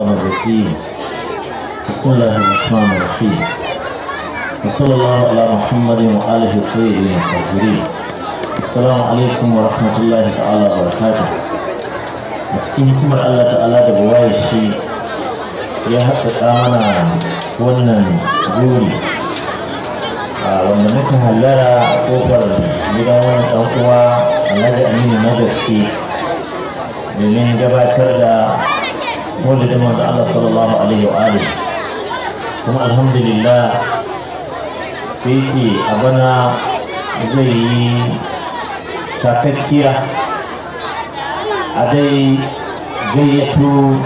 بسم الله الرحمن الرحيم وصلى الله على محمد وآله الطيبين الطاهرين السلام عليكم ورحمة الله تعالى وبركاته مسكين كمر الله تعالى بواي الشيء يا حق آمنا ونن جوري آه، ومنكم هلالا أكبر بدون أوتوا الذي أمين مدسكي لمن جبا ترجع maulidin manzo Allah sallallahu alaihi wa alihi kuma alhamdulillah sai ce a bana zai yi takakkiya a dai gayyato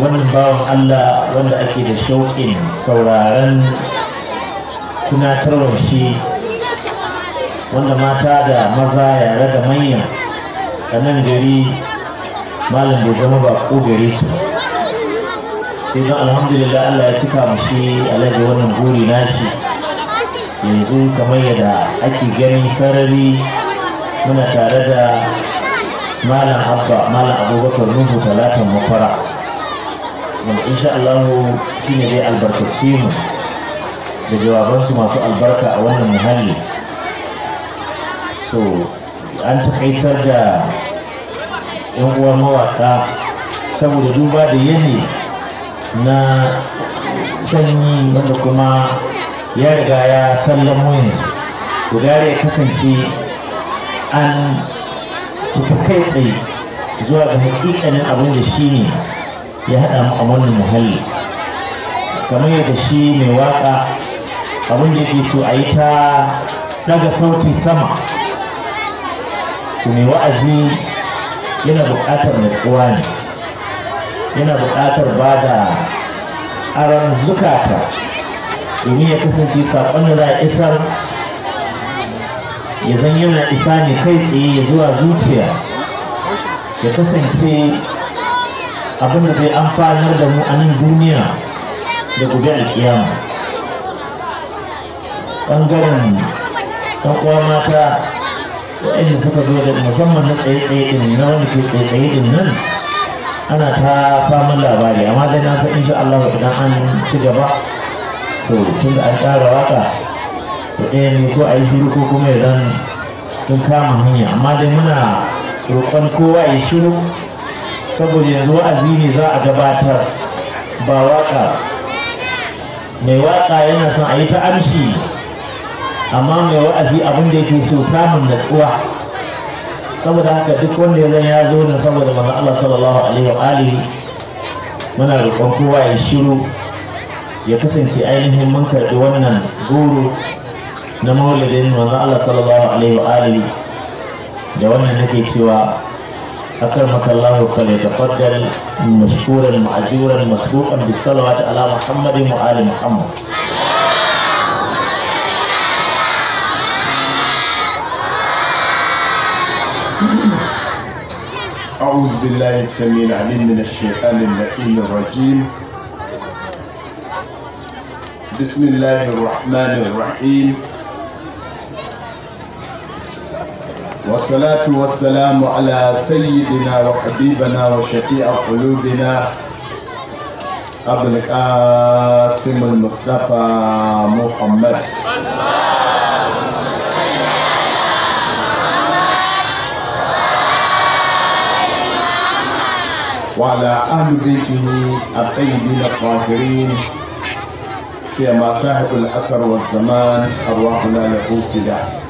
wannan bawan Allah wanda ake da shauƙin sauraren tunatarwar shi wanda mata da maza yare da manya a nan gari malam bai zama ba ko gare su sai don alhamdulillah Allah ya cika mu shi alaga wannan buri nashi yanzu kamar yadda ake ganin sarari muna tare da malam abba malam abubakar nuhu talatan makwara wanda insha Allah shi ne dai albarkace mu da jawabansu masu albarka a wannan muhalli so an taƙaitar da yan uwan mawaka saboda duba da yanayi na sanyi wanda kuma ya riga ya sallamo yanzu guda ya kasance an tafi kai tsaye zuwa ga hakikanin abin da shi ne ya haɗa mu a wannan muhalli kamar yadda shi mai waka abin da yake so a yi ta daga sauti sama mai wa'azi yana buƙatar nutsuwa ne yana buƙatar ba da aron zukata domin ya kasance saƙon da isar ya zan yana isa ne kai tsaye ya zuwa zuciya ya kasance abin da zai amfanar da mu a nan duniya da gobe alƙiyama ɓangaren ɗan uwa mata waɗanda suka zo da musamman na tsaye-tsaye ɗin na wani ke tsaye-tsaye ɗin nan ana ta faman labari amma dai na san insha Allah idan an ci gaba to tun da an ƙara waka to ɗaya ne ko a yi shiru ko kuma ya zan sun kama hanya amma dai muna roƙon kowa ya shiru saboda yanzu wa'azi ne za a gabatar ba waka mai waka yana son a yi ta amshi amma mai wa'azi abin da yake so samun natsuwa saboda haka duk wanda ya zan ya zo nan saboda manzo Allah sallallahu alaihi wa alihi muna roƙon kowa ya shiru ya kasance ainihin mun karɓi wannan goro na maulidin manzo Allah sallallahu alaihi wa alihi da wannan nake cewa ta faddar الله فليتفضل مشكورا مأجورا مسبوقا بالصلوات على محمد وآل Muhammad. أعوذ بالله السميع العليم من الشيطان اللئيم الرجيم بسم الله الرحمن الرحيم والصلاة والسلام على سيدنا وحبيبنا وشفيع قلوبنا أبو القاسم المصطفى محمد وعلى أهل بيته الطيبين الطاهرين سيما صاحب الأثر والزمان أرواحنا له فداء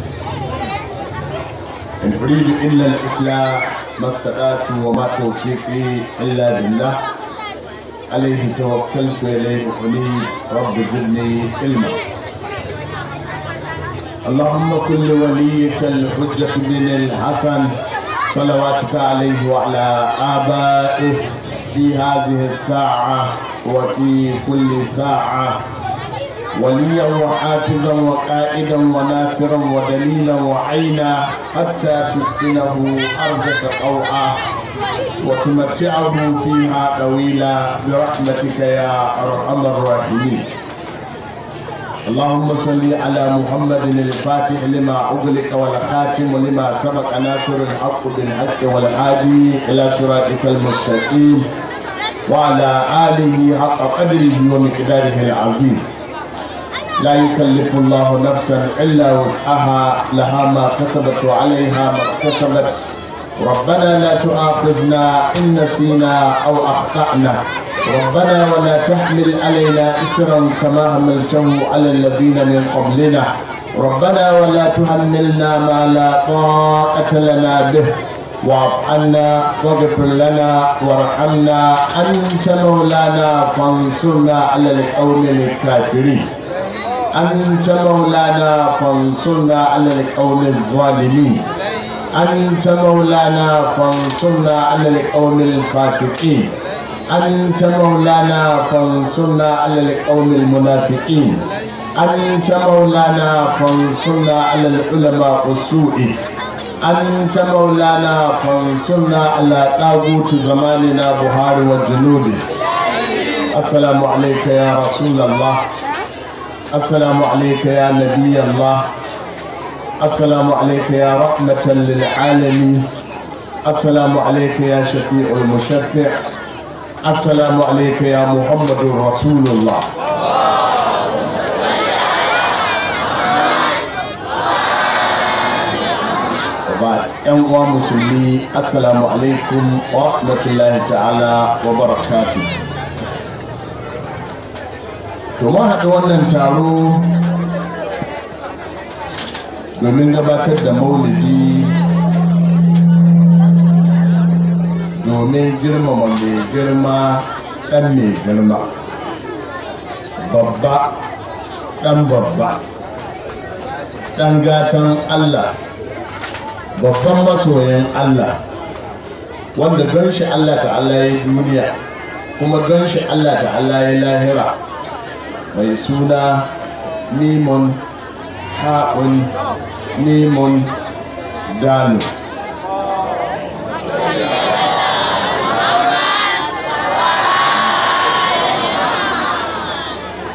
إن أريد إلا الإسلام ما استطعت وما توفيقي إلا بالله عليه توكلت إليه أنيب رب زدني علما اللهم كل وليك الحجة بن الحسن صلواتك عليه وعلى آبائه في هذه الساعة وفي كل ساعة وليا وحافظا وقائدا وناصرا ودليلا وعينا حتى تسكنه أرضك طوعا وتمتعه فيها طويلا برحمتك يا أرحم الراحمين اللهم صل على محمد الفاتح لما أغلق والخاتم لما سبق ناصر الحق بالحق والهادي إلى صراطك المستقيم وعلى آله حق قدره ومقداره العظيم لا يكلف الله نفسا إلا وسعها لها ما كسبت وعليها ما اكتسبت ربنا لا تؤاخذنا إن نسينا أو أخطأنا ربنا ولا تحمل علينا إسرا كما حملته على الذين من قبلنا ربنا ولا تحملنا ما لا طاقة لنا به واعف عنا واغفر لنا وارحمنا أنت مولانا فانصرنا على القوم الكافرين أنت مولانا فانصرنا على القوم الظالمين أنت مولانا فانصرنا على القوم الفاسقين an tamar lana fan alal kaunin munafiƙin an tamar lana fan suna alal ulama usu'i an tamar lana fan ala ɗagutu zamani na buhari wa junubi assalamu alaikum ya rasulallah assalamu alaikum ya nabiyallah assalamu alaikum ya rahmatan lil alamin assalamu alaikum ya shafi'ul mushaffi' assalamu alayka ya muhammadu rasulullah ba yan uwa musulmi assalamu alaikum wa rahmatullahi ta'ala wa barakatu to mun haɗu wannan taro domin gabatar da maulidi domin girmama mai girma ɗan mai girma babba ɗan babba ɗan gatan allah babban masoyin allah wanda don shi allah ta'ala ya duniya kuma don shi allah ta'ala ya lahira mai suna nemon ha'un nemon dano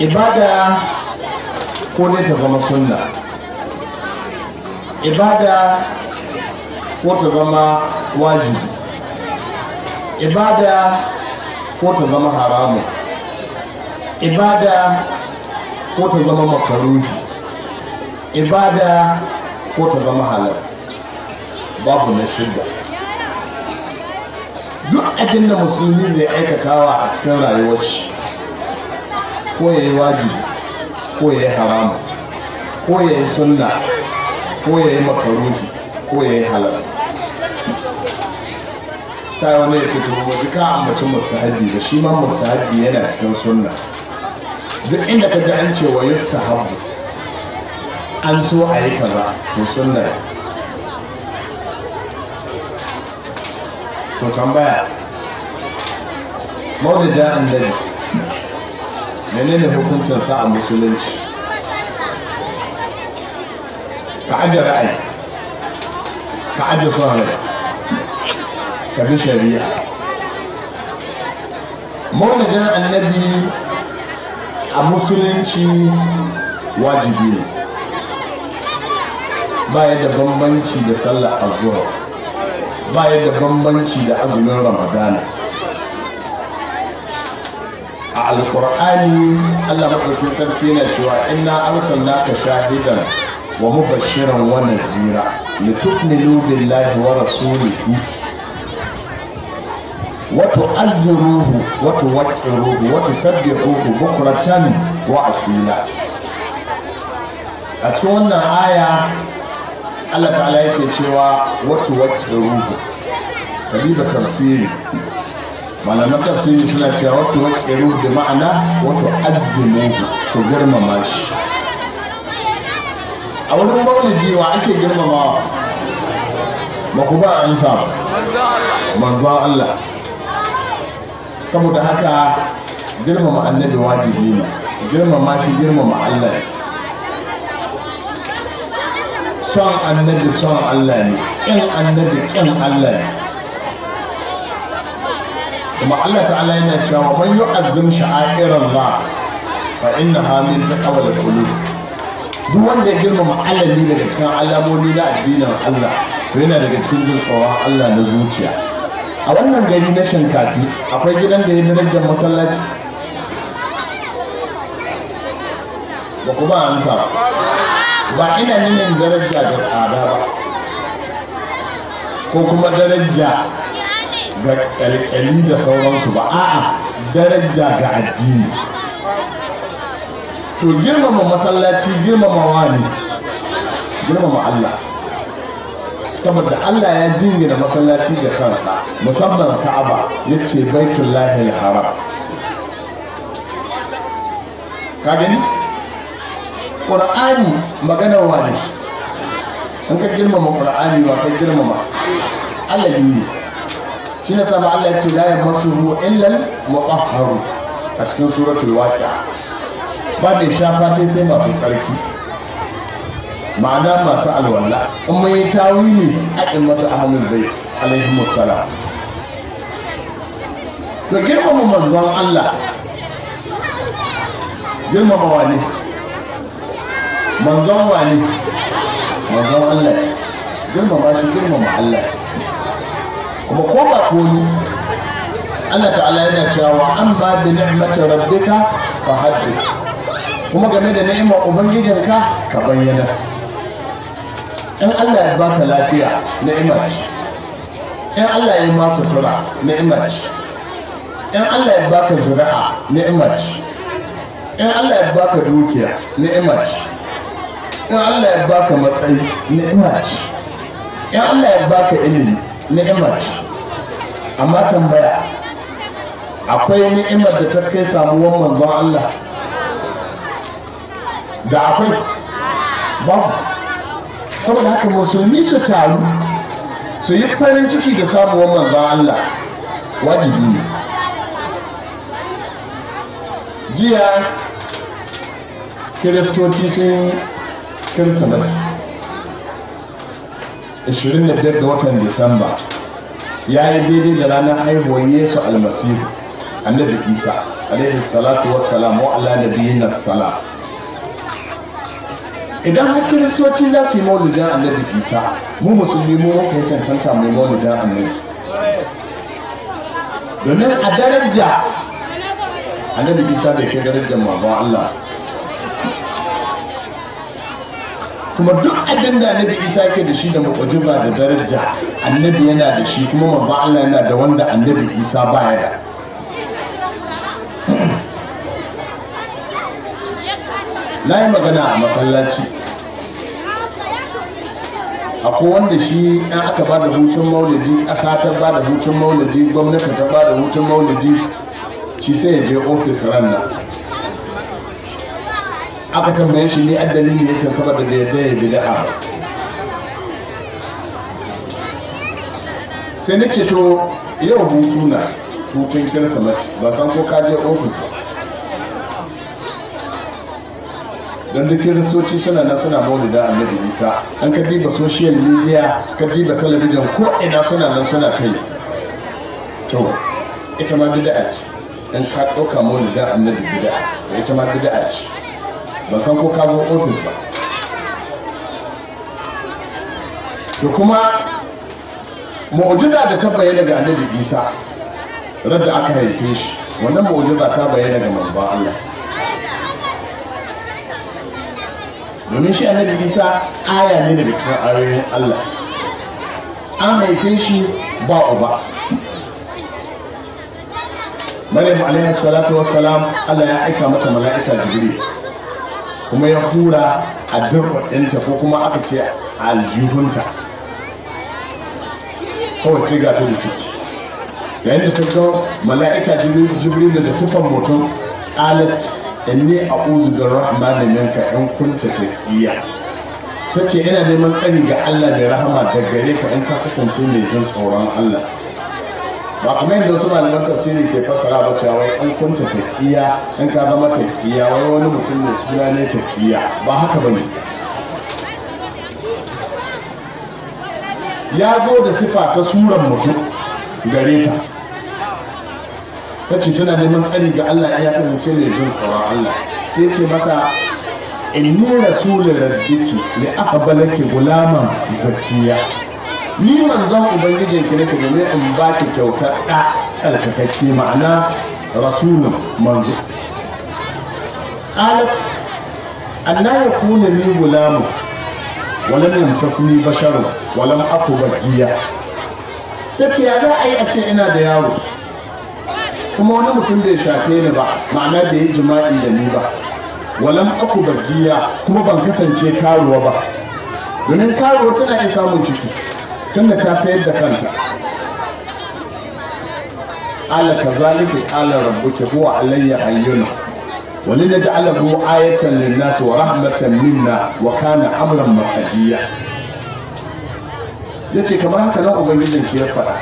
ibada ko dai ta zama sunna ibada ko ta zama wajibi ibada ko ta zama haramu ibada ko ta zama makaruhi ibada ko ta zama halal, babu na shida duk abin da musulmi zai aikatawa a cikin rayuwar shi ko ya yi wajibi ko ya yi haramu ko ya yi sunna ko ya yi makaruhi ko ya yi halal ta yi wani ya ce fito ba ka a mutum Haji da shi ma Haji yana cikin sunna duk inda ka ji an ce wa yustahabu an so a yi kaza to sunna to tambaya mawdu da annabi menene hukuncin sa a musulunci ka aje ra'ayi ka aje son ka bi shari'a maulidin annabi a musulunci wajibi ne ba ya da bambanci da sallar azuwa ba ya da bambanci da azumin ramadana alkur'ani allah maɗaukin sarki yana cewa inna arsalna ka shahidan wa mubashiran wa nazira litukmilu billahi wa rasulihi wa tu'azziruhu wa tuwaqqiruhu wa tusabbihuhu bukratan wa asila a cikin wannan aya Allah ta'ala yake cewa wa tuwaqqiruhu da tafsiri na tafsiri suna cewa wato wakiru da ma'ana wato azumi ku girmama shi a wani maulidi wa ake girmamawa ba ku ba an sa manzo Allah saboda haka girmama annabi wajibi ne girmama shi girmama Allah son annabi son Allah ne in annabi kin Allah ne kuma Allah ta'ala yana cewa man yu'azzim sha'airallah fa ha min taqwal qulub duk wanda ya girmama ne daga cikin alamomi na addinin Allah to yana daga cikin tsowa Allah na zuciya a wannan gari na shinkafi akwai gidan da ya darajar masallaci ba kuma an sa ba ina nuna daraja da tsada ba ko kuma daraja ga ƙyalƙyali da sauransu ba a'a daraja ga addini to girmama masallaci girmamawa ne girmama Allah saboda Allah ya jingina masallaci da kansa musamman Ka'aba yace baitul lahil haram ka gani Qur'ani maganar wani in ka girmama Qur'ani ba ka girmama Allah ne shi yasa ma Allah yake la yamassuhu illa al-mutahharu a cikin suratul waqi'a ba da shafa sai sai masu tsarki ma'ana masu alwala in mai ne a immatu ahlul bait alaihi wassalam to girmama manzon Allah girmama wani manzon wani manzon Allah girmama shi girmama Allah kuma ko ba komi Allah ta'ala yana cewa an ba da ni'matar rabbika fa haddith kuma game da ni'imar ubangijinka ka bayyana in Allah ya baka lafiya ni'imar in Allah ya ma sutura ni'imar in Allah ya baka zuri'a ni'imar in Allah ya baka dukiya ni'imar in Allah ya baka matsayi ni'imar in Allah ya baka ilimi ni'ima ce amma tambaya akwai ni'imar da ta kai samuwar manzon Allah da akwai babu saboda haka musulmi su taru su yi farin ciki da samuwar manzon Allah wajibi ne jiya kiristoci sun kirsimati 25 ga watan disamba ya yi daidai da ranar haihuwar yesu almasihu annabi isa alaihi salatu wa salam wa ala na salam idan har kiristoci za su yi maulidin annabi isa mu musulmi mu ya yi cancanta mu maulidin annabi domin a daraja annabi isa da ke darajar mazan allah kuma duk abin da annabi isa ke da shi da ba da daraja annabi yana da shi kuma mabba Allah yana da wanda annabi isa baya da na yi magana a masallaci akwai wanda shi in aka ba da hutun maulidi ƙasa ta ba da hutun maulidi gwamnati ta ba da hutun maulidi shi sai ya je ofis ran nan aka tambaye shi ne addalili ya ce saboda da yadda ya bid'a sai na ce to yau hutu na hutun kirsimati ba san ko ka je ofis ba don duk kiristoci suna na suna da annabi isa an ka diba social media ka diba talabijin ko ina suna nan suna ta yi to ita ma bida'a ce in ka ɗauka da annabi bida'a ita ma bida'a ce ba ko ka zo ofis ba da kuma mu'jiza da ta bayyana daga annabi isa radda aka haife shi wannan mu'jiza ta bayyana daga manzon Allah domin shi annabi isa aya ne daga cikin ayoyin Allah an haife shi ba uba Maryam alaihi salatu wassalam Allah ya aika mata mala'ika Jibril kuma ya hura a dirba ɗinta ko kuma aka ce a aljihunta kawai sai ga da ciki yayin da ta mala'ika jibril da sufan mutum alat inni a'udhu bi da minka in kunta Ta ce ina neman tsari ga Allah da rahama daga gare ka in ka kasance mai jin tsoron Allah ba kamar yadda su malaman tafsiri ke fassara ba cewa wai an kunta taqiya in ka zama taqiya wai wani mutum ne suna ne taqiya ba haka ba ne. ya zo da sifa ta suran mutum gare ta tana neman tsari ga Allah ya kasance mai jin tsoron Allah sai ce mata inni rasulur rabbiki li aqbalaki gulaman zakiya ni manzon ubangijin ki nake domin in ba ki kyauta ɗa tsarkakakke ma'ana rasulun manzo qalat anna yakuna li gulamu walam yamsasni basharu walam aku bagiya tace ya za a yi a ce ina da yaro kuma wani mutum bai shafe ni ba ma'ana da yi jima'i da ni ba walam aku bagiya kuma ban kasance karuwa ba domin karuwa tana iya samun ciki tunda ta sayar da kanta ala ka zalika ala rabbuka huwa alayya ayyuna, wa lin naj'alahu ayatan lin-nas wa rahmatan minna wa kana amran maqdiya yace kamar haka nan ubangijin ki ya fara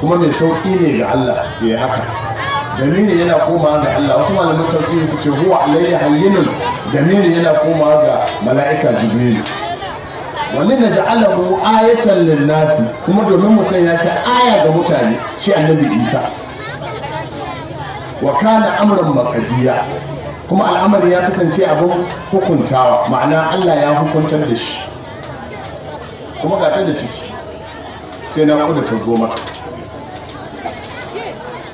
kuma mai sauki ne ga Allah ya haka Jamilu yana koma ga Allah wasu malaman tafsiri su huwa alayya hayyun Jamilu yana koma ga mala'ika jibril wani na mu ayatan linnasi kuma domin mu sanya shi aya ga mutane shi annabi isa wa kana amran maqdiya kuma al'amari ya kasance abin hukuntawa ma'ana Allah ya hukuntar da shi kuma ga da ciki sai na kuda ta goma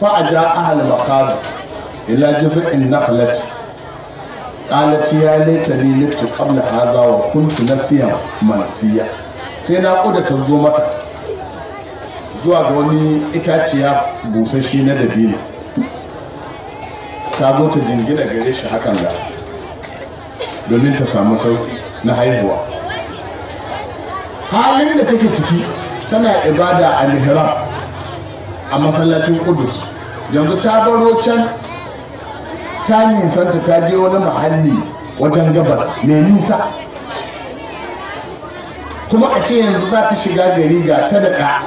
fa aja ahal maqam ila jaza'in naqlat qalat ya laitani liftu qabla hadha wa kuntu nasiyan mansiya sai na kuda ta zo mata zuwa ga wani itaciya busasshe na dabino ta zo ta jingina gare shi hakan da domin ta samu sauki na haihuwa halin da take ciki tana ibada a mihrab a masallacin kudus yanzu ta baro can ta nisanta ta je wani mahalli wajen gabas mai nisa kuma a ce yanzu za ta shiga gari ga sadaka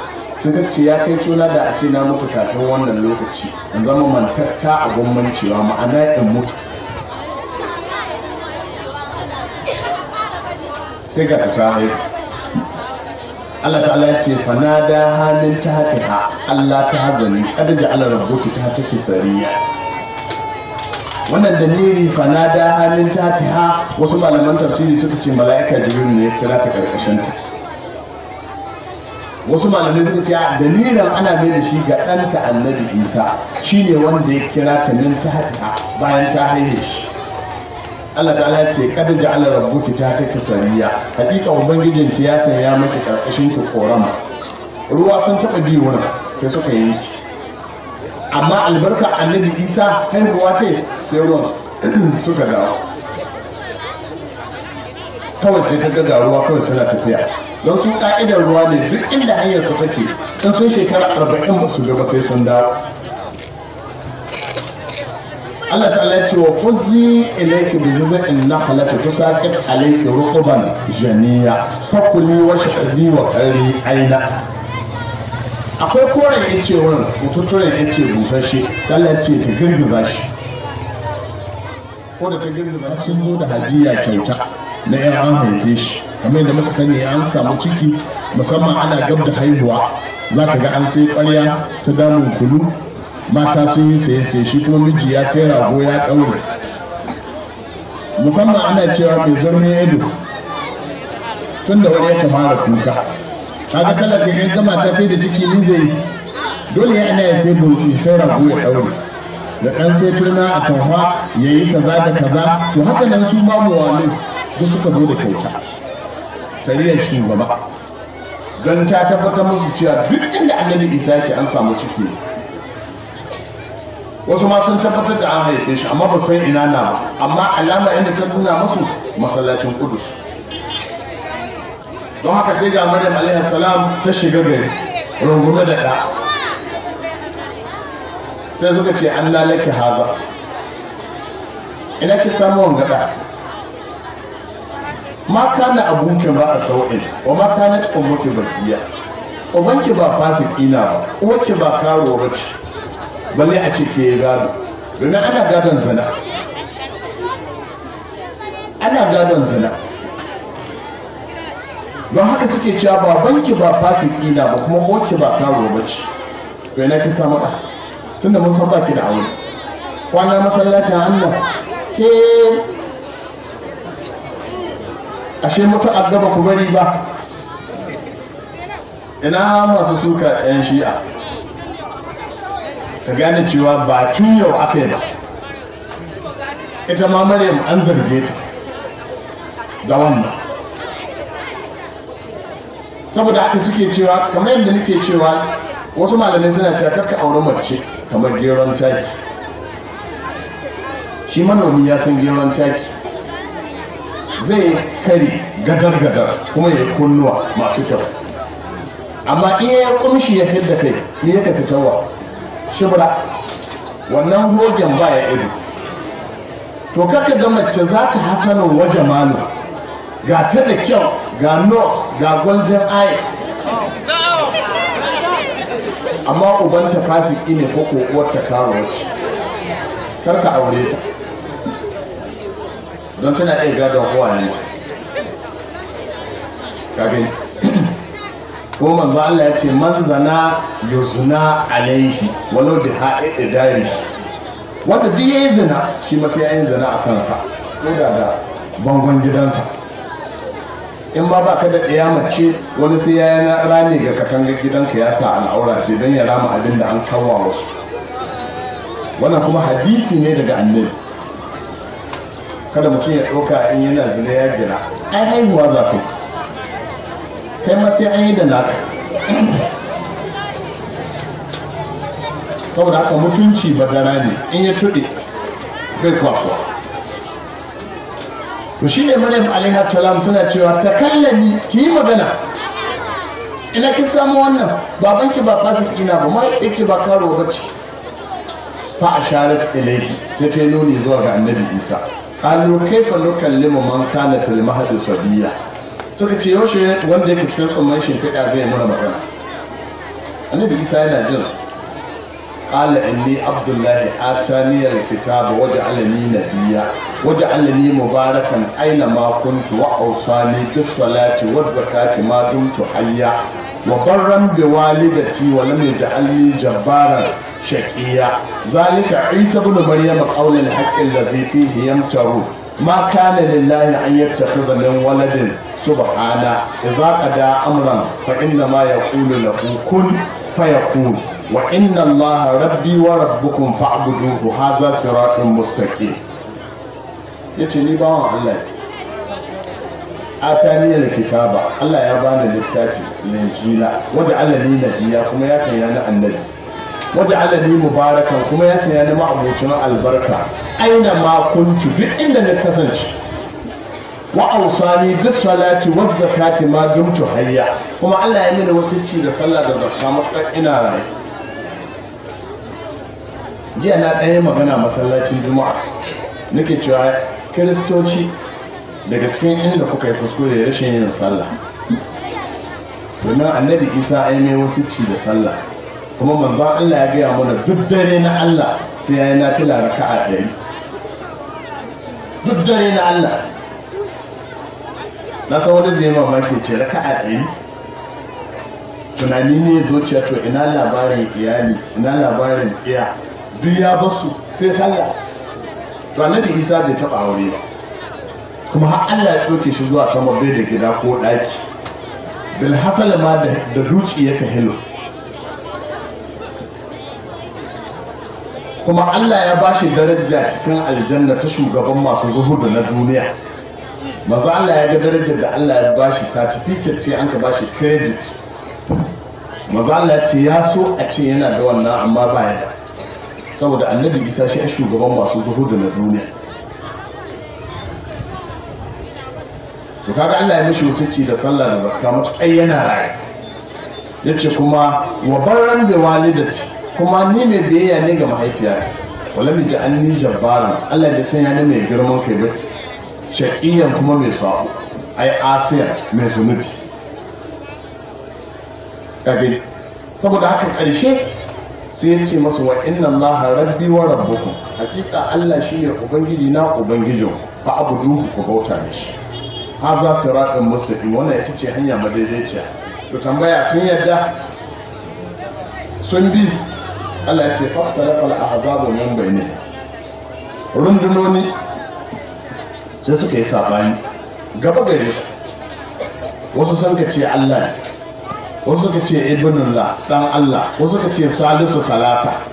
ta ce ya kai tona da a ce na mutu kafin wannan lokaci in zama mantatta a gwammancewa ma'ana in mutu sai ga ta Allah ta'ala ya ce fanada halin ta hatiha Allah ta hazani kada da Allah rabbuki ta hataki sariya wannan dalili fanada halin ha wasu malaman tafsiri suka ce mala'ika jibril ne kira ta karkashin ta wasu malamai suka ce dalilin ana mai da shi ga ɗanta annabi isa shine wanda ya kira ta min ha bayan ta haihe shi Allah ta'ala ce kada rabu ki, ta ta kisariya hakika ki ya sanya miki karkashin ki koran ruwa sun taɓa biyu wani, sai suka yi amma albarka annabi isa haihuwa ce sai suka dawo kawai sai ta gaga ruwa kawai suna tafiya don sun ka'idar ruwa ne duk inda hanyar su take sun sun shekara arba'in ba su gaba sai sun dawo Allah ta'ala Allah ce wa kuzi ilayki bi halatta ta tusaqit alaiki rukuban janiya fakuli wa shahbi wa qari aina akwai koren yace wurin mututuren ce busasshe Allah ce ta girgin shi ko da ta bashi sun zo da hadiya kyauta na yan an haife shi kamar yadda muka sani an samu ciki musamman ana gab da haihuwa za ka ga an sai ƙwarya ta damun kulu mata sun yi saye saye shi kuma miji ya sai rago ya ɗaure musamman ana cewa mai zarmi ya ido tun da wani ya fara kuka kaga talaka kan zama ta sai da ciki ni zai dole ya ana sai bauchi sai rabu ya daure da dan sai turna a tawha yayi kaza da kaza to haka nan su ma muwalin duk suka zo da kyauta tariyar shugaba don ta tabbatar musu cewa duk inda annabi isa yake an samu ciki wasu ma sun tabbatar da an haife shi amma ba san ina na ba amma alama inda ta nuna musu masallacin kudus don haka sai ga maryam alaihi salam ta shiga gari rungume da ɗa sai suka ce an lalake haza ina ki samu wanga ɗa ma kana abunki ba a sauƙi, wa ma kana ummuki bakiya ubanki ba fasiki na ba uwarki ba karuwa ba ce balle a ce ke gado domin ana gadon zana. ana gadon zana don haka suke cewa banki ba fasiki na ba kuma hoki ba karo ba ce to yana kisa maka tunda mun san baki da aure kwana masallacin Allah ke ashe mutu addaba ku bari ba ina masu suka yan shi'a ka gane cewa ba tun yau aka yi ba ita ma maryam an zarge ta ga wannan saboda haka suke cewa kamar yadda nake cewa wasu malamai suna cewa karka auri mace kamar geron taki shi manomi ya san geron taki zai kari gadar gadar kuma ya kunnuwa masu kyau amma iya ya kumshi ya fidda kai ya ka fitowa shibra wannan gogen baya iri to kaka ga mace za ta hasanin waje malu ga ta da kyau ga nose ga golden eyes amma ubanta fasiki ne ko uwarta karo kar ka aure ta don tana iya gadon kowane ta kage ko manzo Allah ya ce manzana yuzna alaihi walau bi ha'i dari wanda duk yayi zina shi ma sai yayin zina a kansa ko da da bangon gidansa in ba ba ka da ɗaya mace wani sai ya yana rani ga katangar gidanka ya sa al'aura ce don ya rama abin da an kawo wasu wannan kuma hadisi ne daga annabi kada mutum ya ɗauka in yana zina ya gina ai haihuwa za ku kai ma sai an yi da naka saboda haka mutunci da ne in ya tuɗe zai kwasuwa to shi ne maryam alaihi salam suna cewa ta kallani ki yi magana ina ki samu wannan baban ki ba fasiki kina ba ma yake ba karo ba ce fa asharat ilayhi ta ta nuni zuwa ga annabi isa qalu kayfa nukallimu man kana fil mahdi sabiya suka ce yaushe wanda yake cikin tsumman shimfiɗa zai mura magana annabi isa yana jin su qala inni abdullahi atani alkitaba waje nabiyya waj'alani mubarakan aina ma kuntu wa awsani bis salati waz zakati ma dumtu hayya wa barran bi walidati wa lam yaj'alni jabbaran shaqiya zalika isa ibn maryam qawl alhaq alladhi fihi yamtaru ما كان لله أن يتخذ من ولد سبحانه amran قضى أمرا فإنما يقول له كن فيكون wa inna allaha rabbi wa rabbukum fa'buduhu hadha siratun mustaqim yace ni bawan Allah atani da kitaba Allah ya bani littafi linjila wanda Allah ne nabiya kuma ya sanya ni annabi wanda Allah mubarakan kuma ya saya ni ma'abocin albarka aina ma kuntu duk inda na kasance wa ausani bis salati waz zakati ma dumtu hayya kuma Allah ya mini wasu ci da sallah da zakka ina rayu jiya na ɗaya magana masallacin juma'a nake cewa kiristoci daga cikin inda kuka yi kuskure rashin yin sallah domin annabi isa ai mai wasu ci da sallah kuma manzon allah ya gaya mana duk dare na allah sai ya yi nafila raka'a ɗari duk dare na allah na san wani zai mafi ce raka'a ɗari tunani ne zuciya to ina labarin iyali ina labarin iya duk ya basu sai sallah to annabi isa bai taba aure ba kuma har Allah ya ɗauke shi zuwa sama bai da gida ko ɗaki bil hasala ma da ruci ya hilo kuma Allah ya bashi daraja cikin aljanna ta shugaban masu zuhudu na duniya maza Allah ya ga darajar da Allah ya bashi certificate ce an ka bashi credit maza Allah ce ya so a ce yana da wannan amma ba ya da saboda annabi isa shi shugaban masu da na duniya ta kaga Allah ya mishi ci da sallah da zakka matukai yana Ya ce kuma wa barran da walidati kuma ni mai biyayya ne ga mahaifiyata an ni jabbara Allah ya sanya ne mai girman kai ba kuma mai a ai asiya mai zunubi kabe saboda haka ƙarshe sai ya ce masu wa inna allaha rabbi wa rabbukum hakika allah shine ne ubangiji na ubangijin fa abuduhu ku bauta mishi hadha siratun mustaqim wannan ita ce hanya madaidaiciya to tambaya sun yadda sun bi allah ya ce a al-ahzabu min bainihim rundunoni sai suka yi sabani gaba gare su wasu sun ce allah ne. wasu suka ce ibnullah dan Allah wasu suka ce salisu salasa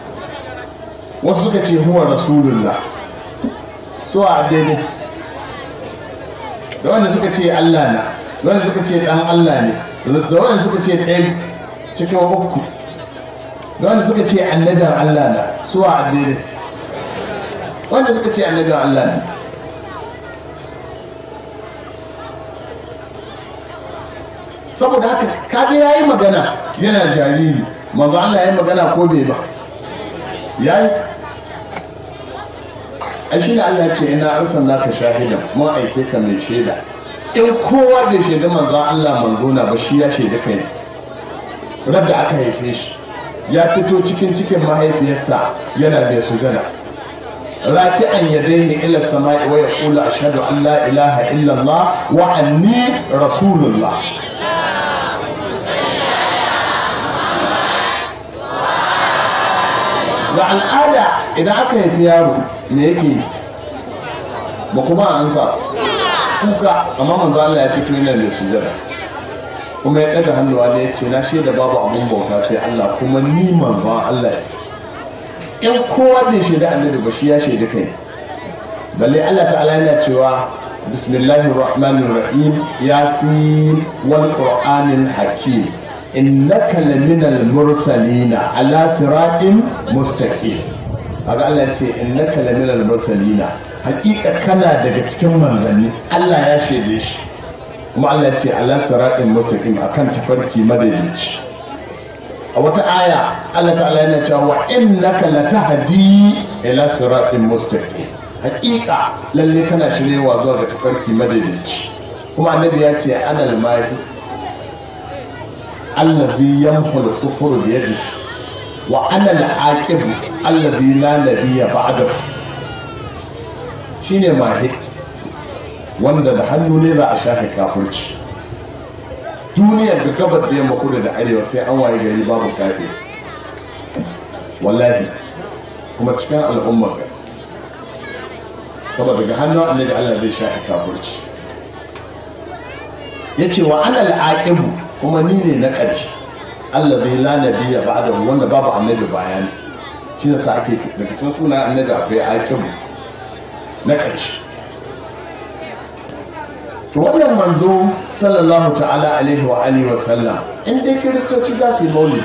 wasu suka ce huwa rasulullah su a daidai da wanda suka ce Allah ne da wanda suka ce dan Allah ne da wanda suka ce ɗan cikin uku da wanda suka ce annabin Allah na su a daidai wanda suka ce annabin Allah ne saboda haka ya yi magana yana jariri manzo Allah yi magana ko bai ba yayi a shi ne Allah ce ina arsan za ka shahida mu aike ka mai shaida in kowa da shaida manzo Allah manzo na ba shi ya shaida kai da aka haife shi ya fito cikin cikin mahaifiyarsa yana bai sujada raki'an yadayhi ila samai wa yaqulu ashhadu an la ilaha allah, wa anni rasulullah ga al'ada idan aka haifi yaro me yake ba kuma an sa kuka amma manzo Allah ya fito yana da sujada kuma ya daga hannuwa da ya ce na da babu abun bauta sai Allah kuma ni manzo Allah in kowa da shaida annabi ba shi ya shaida kai balle Allah ta'ala yana cewa bismillahir rahmanir rahim yasin wal qur'anil hakim innaka laminal mursalina ala siratin mustaqim kaga Allah ya ce innaka laminal mursalina hakika kana daga cikin manzanni Allah ya shaide shi kuma Allah ya ce ala siratin mustaqim akan tafarki madaidaici a wata aya Allah ta'ala yana cewa wa innaka latahdi ila siratin mustaqim hakika lalle kana shirewa zuwa ga tafarki madaidaici kuma annabi ya ce anal mahdi allazi yamhul kufur bi yadi wa ana al-aqib allazi la nabiyya ba'dahu shine mahid wanda da hannu ne za a shafe kafirci duniyar da gabar da yamma kudu da arewa sai an waye gari babu kafe wallahi kuma cikin al'ummar ka saboda ga Allah zai shafe yace wa ana kuma ni ne na ƙarshe Allah bai la ba da wanda babu annabi bayani shi ne sa ake daga cikin suna annabi akwai hakim na ƙarshe to wannan manzo sallallahu ta'ala alaihi wa alihi wa sallam in dai kiristoci za su yi maulid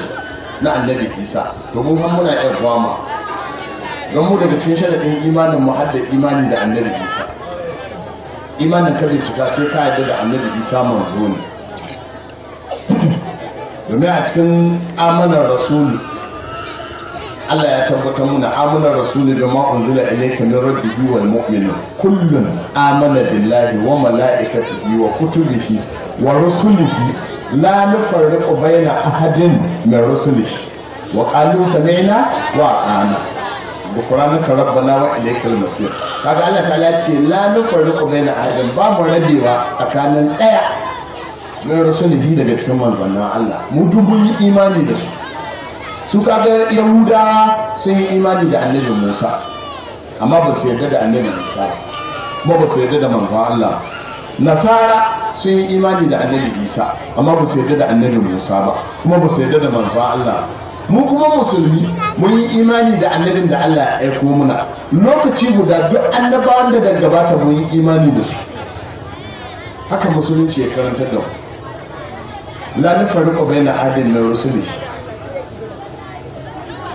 na annabi isa to mun har muna yan gwama don mu daga cikin sharaɗin imanin mu hadda imanin da annabi isa imanin kada cika sai ka yarda da annabi isa manzo ne domin a cikin amanar rasulu Allah ya tabbatar mana amanar rasulu da ma'unzula ilayka min rabbihi wal mu'minun kullun amana billahi wa mala'ikatihi wa kutubihi wa rusulihi la nufarriqu bayna ahadin min rusulihi wa qalu sami'na wa ata'na gufranaka rabbana wa ilaykal masir kaga Allah ta ce la nufarriqu bayna ahadin ba mu rabewa tsakanin daya ne biyu daga cikin manzannin Allah mu mun yi imani da su su kaga yahuda sun yi imani da annabi Musa amma ba su yarda da annabi Musa kuma ba su yarda da manzon Allah nasara sun yi imani da annabi Isa amma ba su yarda da annabi Musa ba kuma ba su yarda da manzon Allah mu kuma musulmi mun yi imani da annabin da Allah ya aiko muna lokaci guda duk annabawan da daga gabata mun yi imani da su haka musulunci ya karanta da mu la nufarriqu baina ahadin min rusuli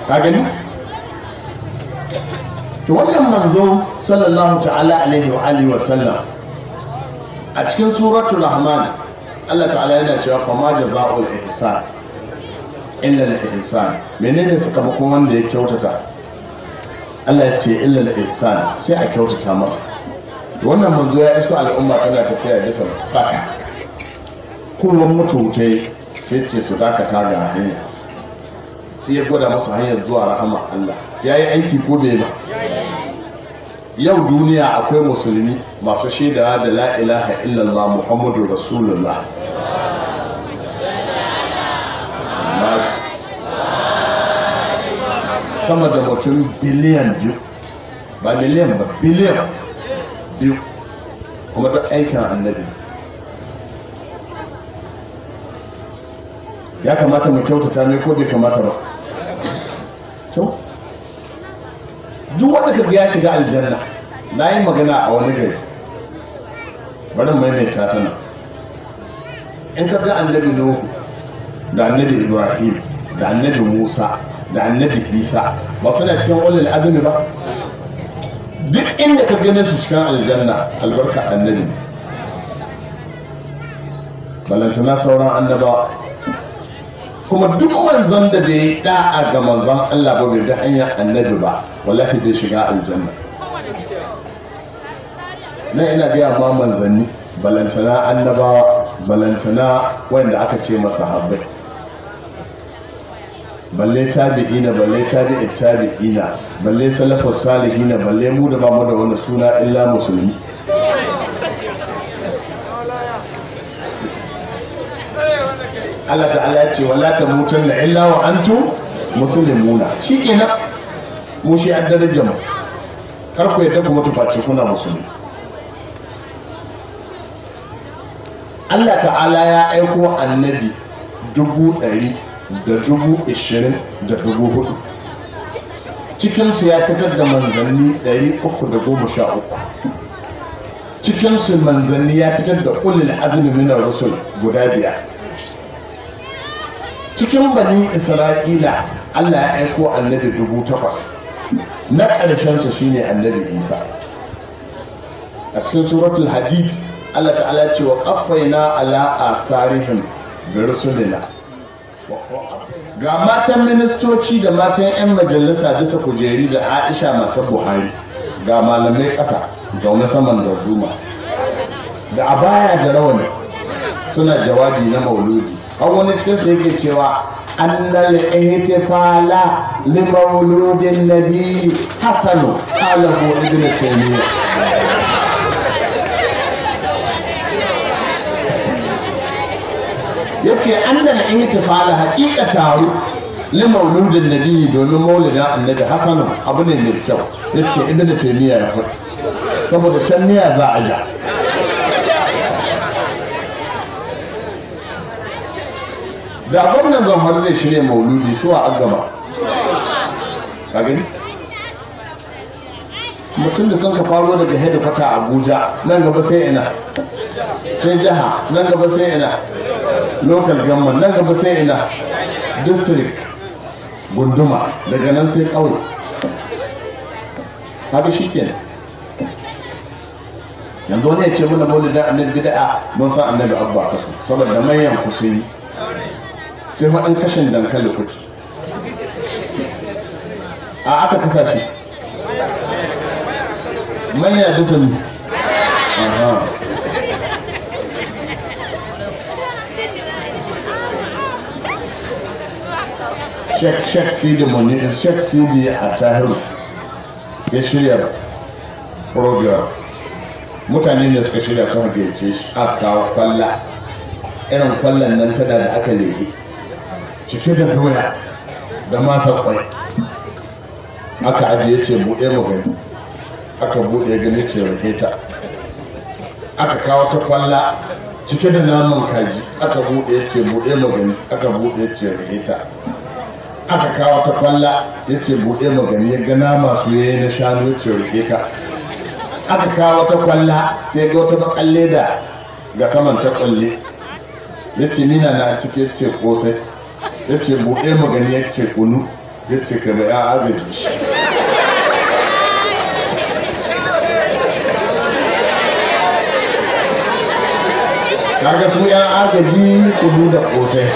ka gani to wannan manzo sallallahu ta'ala alaihi wa alihi wa sallam a cikin suratu rahman Allah ta'ala yana cewa fa ma jazaa'ul ihsan illa al-ihsan menene kuma wanda ya kyautata Allah ya ce illa al-ihsan sai a kyautata masa wannan manzo ya isko al'umma tana tafiya da sabata kowan mutunce sai ce su dakata ga hanya sai ya gwada masa hanyar zuwa rahama Allah ya yi aiki ko bai ba yau duniya akwai musulmi masu shaida da la ilaha illallah muhammadu rasulullah sama da mutum biliyan biyu ba miliyan ba biliyan biyu kuma duk aikin annabi ya kamata mu kyautata ne ko bai kamata ba to duk wanda kaga ya shiga aljanna na yi magana a wani gari bari maimaita ta nan in ka ga annabi nuhu da annabi ibrahim da annabi musa da annabi isa ba suna cikin ulul azumi ba duk inda ka gane su cikin aljanna albarka annabi balantana sauran annabawa. kuma duk manzon da bai da'a ga manzon Allah ba bai da hanyar annabi ba wallahi bai shiga aljanna na ina biya ma manzanni balantana annabawa balantana wanda aka ce masa habbai balle ta tabi'ina balle bi tabi'ina balle salafus salihina balle mu da ba mu da wani suna illa musulmi Allah ta'ala ya ce wala la illa wa antum muslimuna shikenan mu shi addar jama kar ku yadda ku mutu face kuna musulmi Allah ta'ala ya aiko annabi dubu ɗari da dubu ishirin da dubu hudu cikinsu ya fitar da manzanni ɗari uku da goma sha uku cikinsu manzanni ya fitar da ulil azumi na rusul guda biyar cikin bani isra'ila allah ya aiko annabi dubu takwas na su shine annabi isa a cikin suratul hadid allah ta'ala ce wa ƙafaina ala a bi rusulina ga matan ministoci da matan 'yan majalisa bisa kujeri da aisha matan buhari ga malamai ƙasa zaune saman da da abaya da rawani suna jawabi na mauludi an wani cikin su yake cewa annal ihtifala li mauludin nabi Ya qala hu ibn taymiyyah yace annal ihtifala haqiqa taru li mauludin nabi domin maulidin annabi hasanu abu ne mai kyau yace ibn taymiyyah ya faɗi saboda can niya za a ja da gwamnan zamfar zai shirya mauludi su a agaba a gani mutum da sun ka faro daga a abuja nan gaba sai ina sai jiha nan gaba sai ina local gamman nan gaba sai ina district gunduma daga nan sai kawai haka shi ke yanzu wani ya ce mana maulidin annabi bida'a mun san annabi abba kasu saboda manyan kusuri sai ma an kashe dankalin kuɗi a aka kasa shi manya da sami shek shek sidi muni shek sidi a tahiru ya shirya program mutane ne suka shirya sun gayyace shi a kawo kwalla irin kwallon nan tada da aka lege cike da doya da masa kwai aka ajiye ce buɗe magani aka buɗe gani ce rufe ta aka kawo ta kwalla cike da naman kaji aka buɗe ce buɗe magani aka buɗe ce rufe ta aka kawo ta kwalla ya ce buɗe magani ya gana masu yayi na shanu ce rufe ta aka kawo ta kwalla sai ga wata bakalle da ga saman ta kwalle ya ce nina na cike ce kosai ya ce buɗe magani ya ce kunu ya ce kama ya agaji shi kaga su yan agaji kunu da ƙosai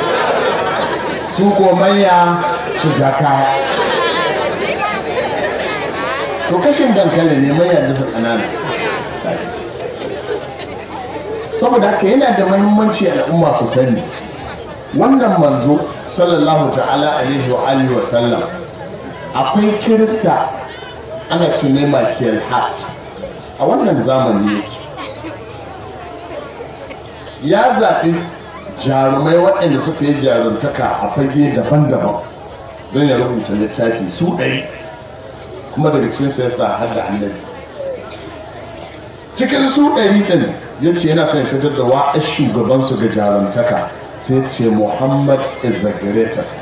su ko manya su jaka to kashin dankali ne manya da su ƙanana saboda haka yana da mahimmanci al'umma su sani wannan manzo sallallahu ta'ala alaihi wa alihi wa sallam akwai kirista ana ce ne michael hart a wannan zamani ya zaɓi jarumai waɗanda suka yi jaruntaka a fage daban-daban don ya rubuta littafi su ɗari kuma daga cikin ya sa har da annabi cikin su ɗari ɗin ya ce yana son ya fitar da wa'a shugabansu ga jaruntaka sai ce muhammad is the greatest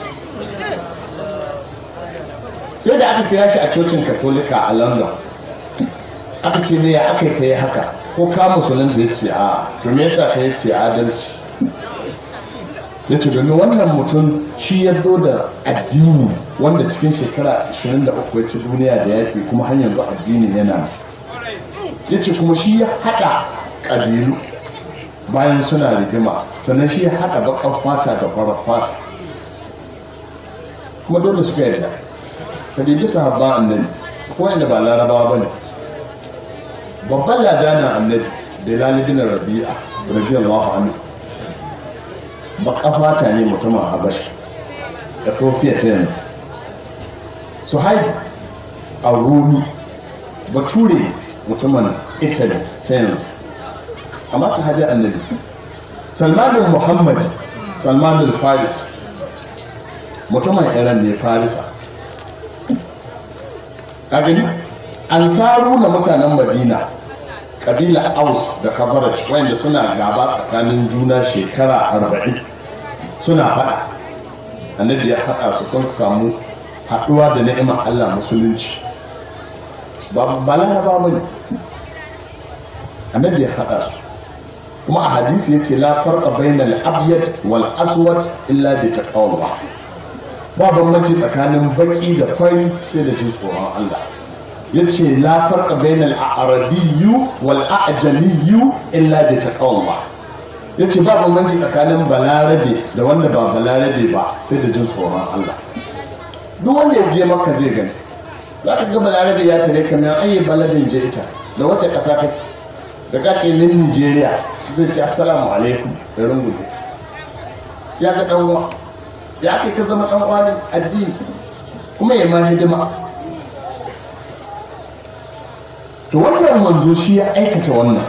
sai da aka kira shi a cocin katolika a london aka ce ne ya aka yi haka ko ka da ya ce a to ka ya ce adalci ya ce domin wannan mutum shi ya zo da addini wanda cikin shekara 23 ya ci duniya da yaƙi kuma har yanzu addini yana ya ce kuma shi ya haɗa ƙabilu bayan suna rigima sannan shi ya haɗa baƙar fata da farar fata kuma dole suka yarda ka ɗibi sahabba annabi inda ba laraba ba ne babban ladana annabi da lalibin rabi'a ba ne baƙar fata ne mutumin habashi da tofiya ta yanzu haɗi a rumi bature mutumin italy ta yanzu amma hajji annabi salmanin muhammad salmanin faris mutumin iran ne farisa a an saru na mutanen madina ƙabila aus da kafaraj wanda suna gaba tsakanin juna shekara arba'in suna faɗa annabi ya haɗa su sun samu haɗuwa da na'imar allah musulunci ba ba ne annabi ya haɗa su kuma a hadisi ce, lafar farqa bainal abyad wal aswad illa bi taqwa ba bambanci tsakanin baki da fari sai da jin tsoron Allah Ya ce lafar farqa bainal arabiyyu wal ajamiyyu illa bi Ya yace ba bambanci tsakanin balarabe da wanda ba balarabe ba sai da jin tsoron Allah duk wanda ya je maka zai gani za ka ga balarabe ya tare kamar ayi baladin je da wata ƙasa kake da kake min Nigeria zai ce assalamu alaikum da rungume ya ga ɗan uwa ya kai ka zama ɗan ƙwarin addini kuma ya ma hidima to wannan manzo shi ya aikata wannan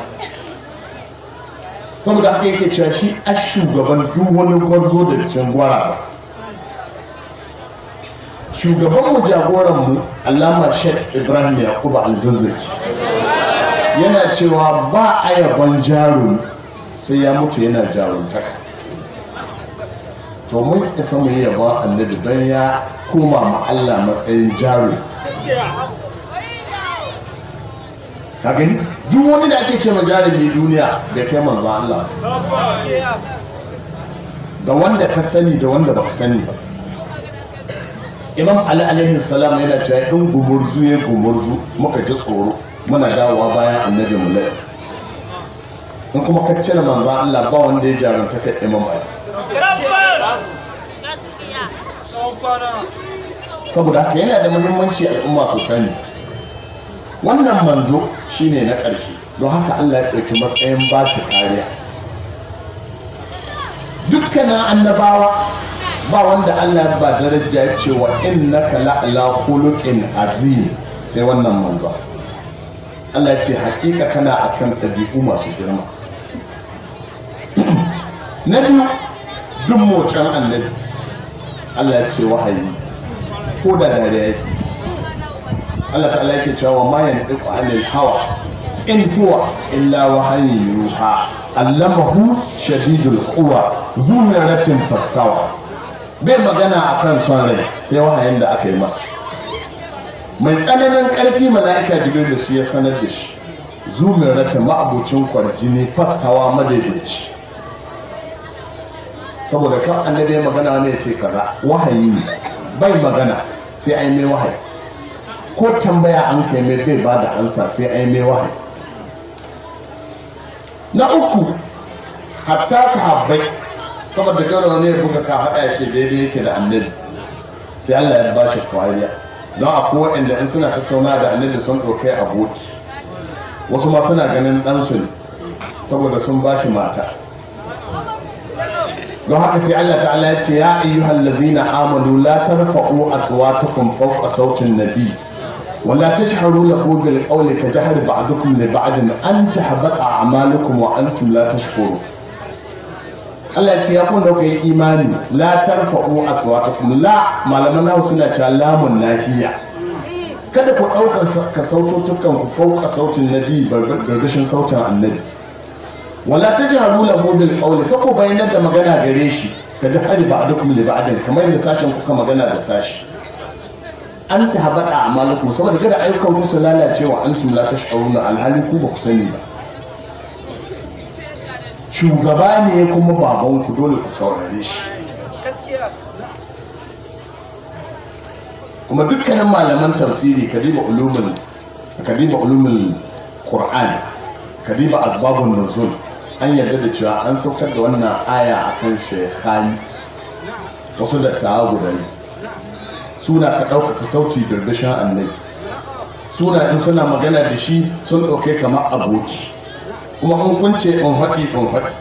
saboda aka yake cewa shi a shugaban duk wani gwarzo da can gwara ba shugaban mu jagoran mu allama shek ibrahim yakuba alzanzaki yana cewa ba a yaban sai ya mutu yana jaruntaka to mun isa mu yi yaba annabi dan ya koma ma Allah matsayin jaro ka gani duk wani da ake ce ma jarumi duniya da kai manzo Allah da wanda ka sani da wanda ba ka sani ba imam ali alaihi salam yana cewa in gumurzu ya gumurzu muka ji tsoro muna dawowa bayan annabi mulai in kuma ka cire manzan Allah ba wanda ya jarumta kai imam Ali saboda haka yana da muhimmanci al'umma su sani wannan manzo shine na ƙarshe don haka Allah ya ɗauki matsayin ba shi kariya dukkanin annabawa ba wanda Allah ba daraja cewa in innaka la'ala khuluqin azim sai wannan manzo Allah ce hakika kana akan ɗabi'u masu girma na biyu duk mocan annabi Allah ce wahayi ko da ya yake Allah ta'ala yake cewa ma yantiqu anil hawa in huwa illa wahayi yuha allamahu shadidul quwa zu fastawa bai magana akan son rai sai wahayin da aka yi masa mai tsananin karfi mala'ika da shi ya sanar da shi zumin rata ma'abucin kwarjini fastawa madaidaici saboda kan annabi magana ne ce kaza wahayi ne bai magana sai ai mai wahayi ko tambaya an kai mai zai ba da ansa sai ai mai wahayi na uku hatta sahabbai saboda garo ne buga ka hada ce daidai yake da annabi sai Allah ya bashi kwariya don a waɗanda in suna tattauna da annabi sun ɗauke aboki wasu ma suna ganin ɗansu ne saboda sun ba shi mata don haka sai Allah ta'ala ya ce ya ayyuhal ladzina amanu la tarfa'u aswatakum fawqa sautin nabi ولا تشعروا له بالقول كجهر بعضكم لبعض ان تحبط اعمالكم وانتم لا koro. Allah ce ya kun dauka yi imani la tarfa'u aswatakum la malaman nahu suna ta lamun lafiya kada ku ɗaukar ka tukan ku fauka sautin nabi gargashin sautin annabi wala tajharu lahu bil qawli ka ku bayyana da magana gare shi ka ji ba ba'dukum li ba'din kamar yadda sashen kuka magana da sashi an ta habata amalukum saboda kada ayyukan ku su lalacewa antum la tash'uruna alhali ku ba ku sani ba shugaba ne kuma babanku dole ku saurare shi kuma dukkanin malaman tafsiri kadiba ulumul kadiba ulumul qur'an kadiba asbabun nuzul an yarda da cewa an saukar da wannan aya akan shekhani wasu da ta guda suna ka ɗaukaka sauti birbishin annai suna in suna magana da shi sun ɗauke kamar aboki kuma an kunce in faɗi in haɗi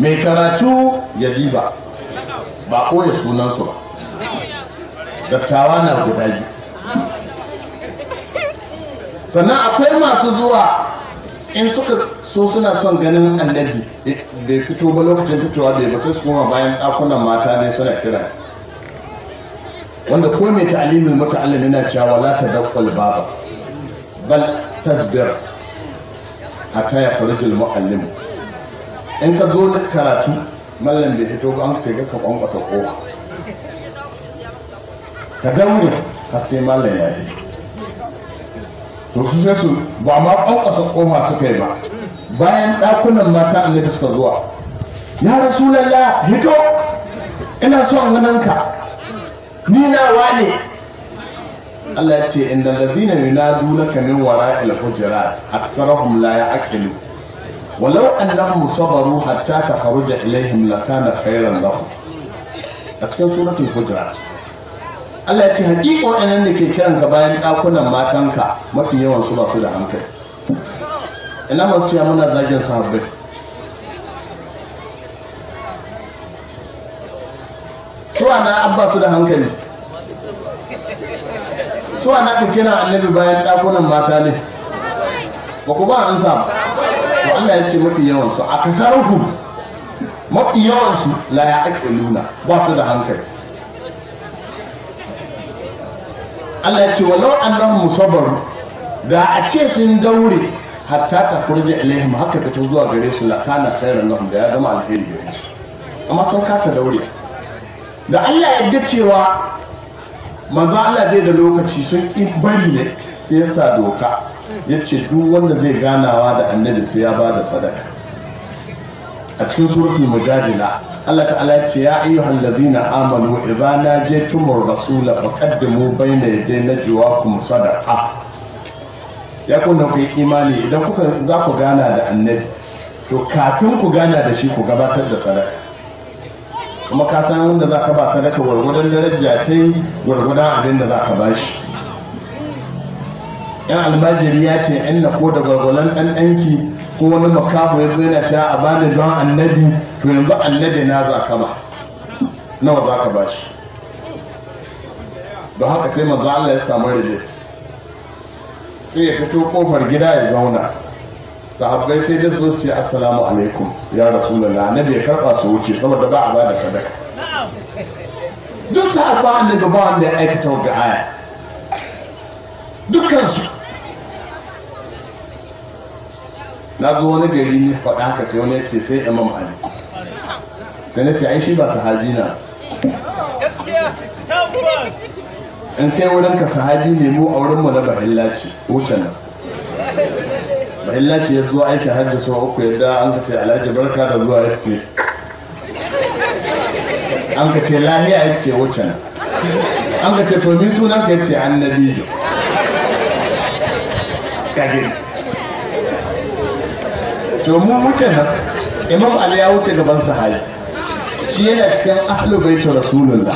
mai karatu ya diba ba ɓoye sunansu ba dattawa na guda biyu sannan akwai masu zuwa in suka so suna son ganin annabi bai fito ba lokacin fitowa bai ba sai su koma bayan ɗakunan mata ne suna kira wanda ko mai ta'alimin Allah yana cewa wala ta tadakhul baba bal tasbir a taya farjil muallim in ka zo karatu mallam da fito ba an ce ga ka kwankwasa kofa ka daure ka sai mallam ya yi to su sai su ba ma kwankwasa kofa suka yi ba bayan ɗakunan mata annabi suka zuwa ya rasulallah hito ina so an ganin ka ni na ne Allah ce inda ladina yunadunaka min wara'il hujurat aksarahum la ya'qilu walau annahum sabaru hatta takhruja ilaihim lakana khairan lahum a cikin suratul hujurat Allah ce hakiko waɗannan da ke kiran ka bayan ɗakunan matanka mafi yawan su ba da hankali ina masu cewa muna zagin sahabbai suwa na abba su da hankali suwa na ka kira annabi bayan ɗakunan mata ne ba ku ba an samu to Allah ya ce mafi yawansu a kasarku mafi yawansu la ya ake luna ba su da hankali Allah ya ce walau annahum musabaru da a ce sun daure hatta ta furje ilaihim haka ka ta zuwa gare su la kana khairan lahum da ya zama alheri gare su amma sun kasa daure da Allah ya ga cewa manzo Allah bai da lokaci sun ki bari ne sai sa doka ya ce duk wanda zai ganawa da annabi sai ya ba da sadaka a cikin suratul mujadila Allah ta'ala ya ce ya ayyuhal ladina amanu idza najaytumur rasula faqaddimu bayna yaday najwaakum sadaqa ya kun da kai imani idan kuka za ku gana da annabi to kafin ku gana da shi ku gabatar da sadaka kuma ka san wanda za ka ba sadaka gwargwadon daraja ta yi gwargwadon abin da za ka ba shi yan almajiri ya ce yan na ko da gwargwadon ɗan ɗanki ko wani makaho ya zai na ta a bani don annabi to yanzu annabi na za ka ba nawa za ka ba shi don haka sai manzo Allah ya samu rage sai ya fito kofar gida ya zauna sahabbai sai da su ce assalamu alaikum ya rasulullah annabi ya karba su wuce saboda ba a ba da sadaka duk sahabba annabi ba wanda ya aikata wa aya dukkansu na zo wani gari ne faɗa haka sai wani ya ce sai imam ali sai na ce ai shi ba sahabi na in kai wurinka sahabi ne mu a wurinmu na bahilla ce wuce nan illa ce zuwa zo aikin hajji sau uku yadda an ka ce alhaji barka da zuwa ya ce an ka ce lahiya ya ce wuce na an ka ce to sunan ka ya ce annabi kage to mu wuce na imam ali ya wuce gaban sahabi shi yana cikin ahlul baitul rasulullah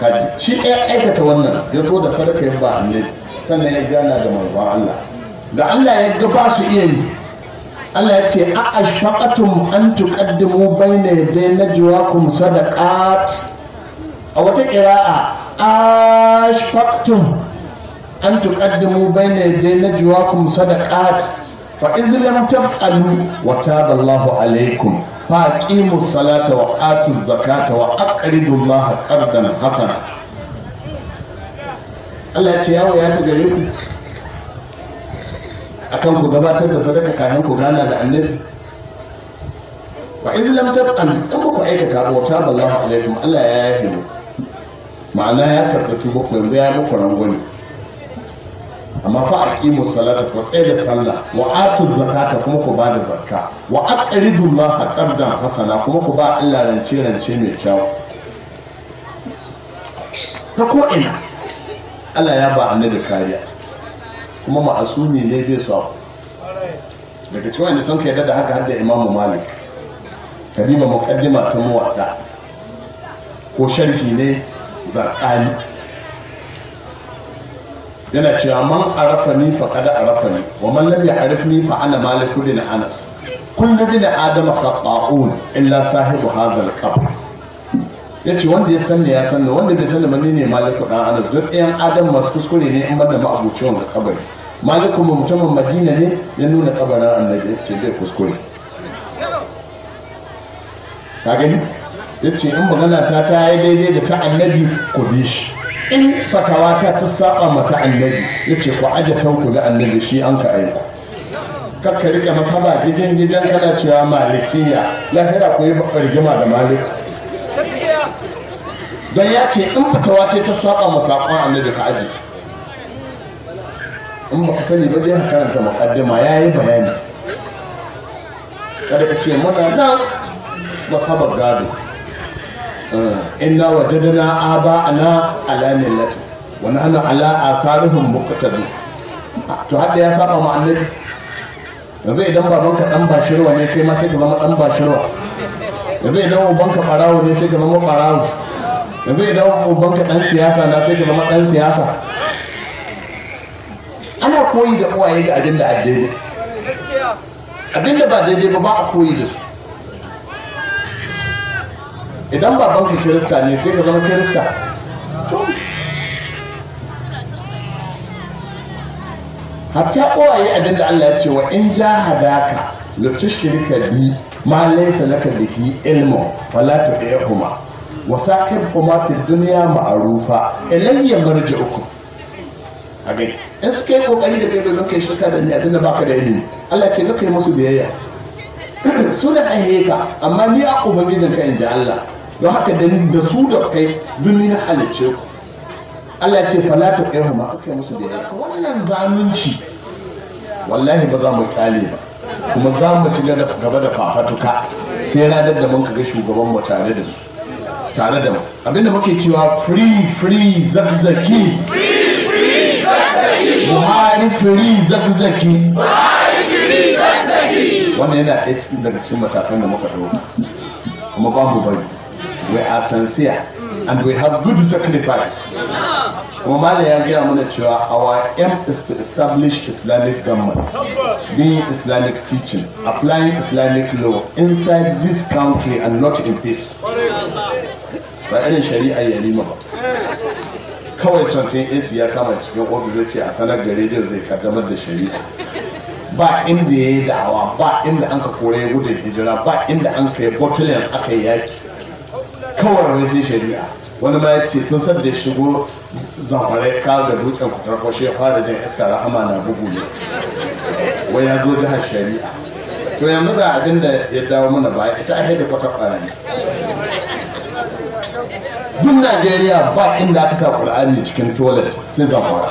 kaji shi ya aikata wannan ya zo da sadaka yin ba annabi sannan ya gana da manzon Allah da Allah ya ga ba su iya yi Allah ya ce a ashfaqatum an tuqaddimu bayna yaday najwaakum sadaqat a wata qira'a ashfaqtum an tuqaddimu bayna yaday najwaakum sadaqat fa iz lam taf'alu wa taba Allahu alaykum fa aqimus salata wa atuz zakata wa aqridu Allah qardan hasana Allah ce yawo ya ta gare ku akan ku gabatar da sadaka kayan ku gana da annabi wa iz lam tabqan in ku aikata ba ta ballahu alaikum Allah ya yafe mu ma'ana ya karɓi tuba ku yanzu ya muku rangwani amma fa aqimu salata ku tsaya da sallah wa atu zakata kuma ku ba da zakka wa aqridu Allah qardan hasana kuma ku ba Allah rance rance mai kyau ta ko ina Allah ya ba annabi kariya kuma ma'asumi ne zai so daga cikin wanda sun ka yarda da haka har da Imam malik kariba muqaddima ta muwatta ko sharhi ne zarqani yana cewa man arafani faqad arafani wa man lam ya'rifni fa ana malik anas kullu bin adam khata'un illa sahibu hadha al-qabr ya ce wanda ya san ya san wanda bai san da mani ne maliku dan anas duk ɗayan adam masu kuskure ne in bada ma'abuci wanda kabari maliku mutumin madina ne ya nuna kabarin annabi ya ce zai kuskure ka gani ya ce in magana ta ta yi daidai da ta annabi ku bi shi in fatawa ta ta saba mata annabi ya ce ku ajatan ku ga annabi shi an ka aiko kakka rike masaba gidan gidan kana cewa malikiya lahira ku yi rigima da malik don ya ce in fita wace ta saba ma saƙon annabi ka aji in ba ka sani ba zai karanta muƙaddima ya yi bayani kada ka ce muna nan masabar gado eh, inna wajadana aba'ana ala millati wa nahnu ala asarihim muqtadun to hadda ya saba ma annabi yanzu idan babanka dan bashirwa ne kai ma sai ka zama dan bashirwa yanzu idan ubanka barawo ne sai ka zama barawo yanzu idan uban ka dan siyasa na sai ka zama dan siyasa ana koyi da uwaye ga abin da addini abin da ba daidai ba ba a koyi da su idan baban ka kirista ne sai ka zama kirista hatta uwaye abin da Allah ya ce wa in ja hadaka lutushirka bi ma laysa laka bihi ilmu wala kuma." wa sahibhuma fi dunya ma'rufa ilayya marji'ukum a gani in suka yi kokari da kai domin kai shirka da ni baka da ilimi Allah ce kai musu biyayya su da an amma ni a ubangijin ka inji Allah don haka da da su da kai duniya halice ku Allah ce fala ta kai ma kai musu biyayya wannan wallahi ba za mu kale ba kuma za mu ci gaba da fafatuka sai ranar da mun kaga shugaban mu tare da su tare da mu abinda muke cewa free free zakzaki buhari free zakzaki wannan yana ɗaya cikin daga cikin matakan da muka ɗauka kuma ba mu bari we are sincere and we have good sacrifice kuma malam ya gaya mana cewa our aim is to establish islamic government being islamic teaching applying islamic law inside this country and not in peace ba irin shari'ar yarima ba kawai son tin ac ya kama cikin ofis ya ce a sanar da rediyon zai kaddamar da shari'a ba inda ya yi da'awa ba inda an ka kore gudun hijira ba inda an ka yi botulian aka yi yaki kawai wani shari'a wani ma ya ce tun sadda shigo zamfare ka da dutsen kutar kwashe fara jin iska rahama na bugu ne wai ya zo jihar shari'a to yanzu ga abin da ya dawo mana baya ita a da kwata kwarani duk najeriya ba inda aka sa kur'ani cikin toilet sai zamfara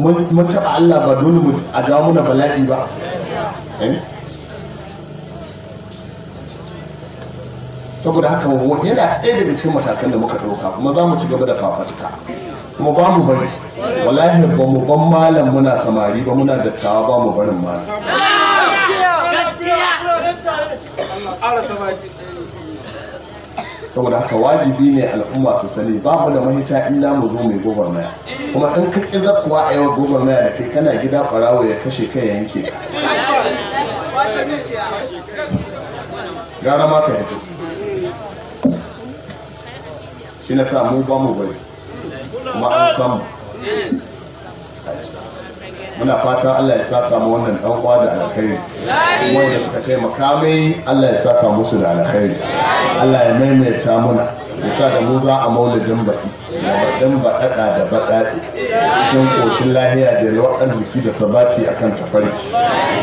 mun taɓa allah ba dole mu a jawo muna bala'i ba eh? saboda haka yana ɗaya daga cikin matakan da muka ɗauka kuma za mu ci gaba da fafatuka kuma ba mu bari wallahi ba mu ban malam muna samari ba muna dattawa ba mu barin malam saboda haka wajibi ne al'umma su sani babu da mahita illa mu zo mai gwagwarmaya kuma in ka ƙi zakuwa a gobar gwagwarmaya da ke kana gida ɓarawo ya kashe kai yanke ka gara ma ka yanke shi na sa mu ba mu bari kuma an samu muna fata Allah ya saka mu wannan dan uwa da alkhairi wanda suka taimaka mai Allah ya saka musu da alkhairi Allah ya maimaita muna ya sa da mu za a maulidin baki da baɗin baɗaɗa da baɗaɗi cikin ƙoshin lahiya da yawan jiki da sabati a kan tafarki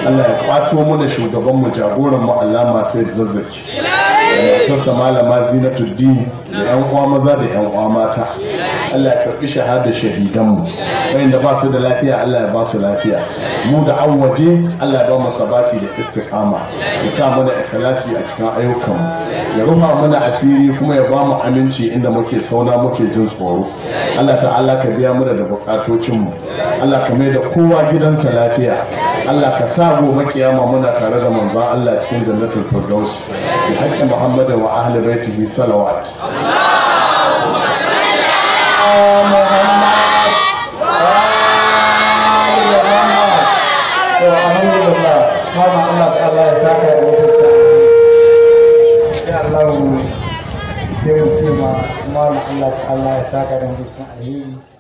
Allah ya kwato mu da shugaban mu jagoran mu alama sai da zazzaki da matarsa malama zinatu dini da yan uwa maza da yan uwa mata Allah ya karbi shahada shahidan mu wanda ba su da lafiya Allah ya ba su lafiya mu da awwaje Allah ya ba mu sabati da istiqama ya sa mana ikhlasi a cikin ayyukan mu ya rufa mana asiri kuma ya ba mu aminci inda muke sauna muke jin tsoro Allah ta'ala ka biya mu da bukatocin mu Allah ka mai da kowa gidansa lafiya Allah ka sa gobe kiyama muna tare da manzon Allah cikin jannatul firdaus bi haqqi Muhammadin wa ahli baitihi salawat Muhammad wa ali Muhammad to Allah ta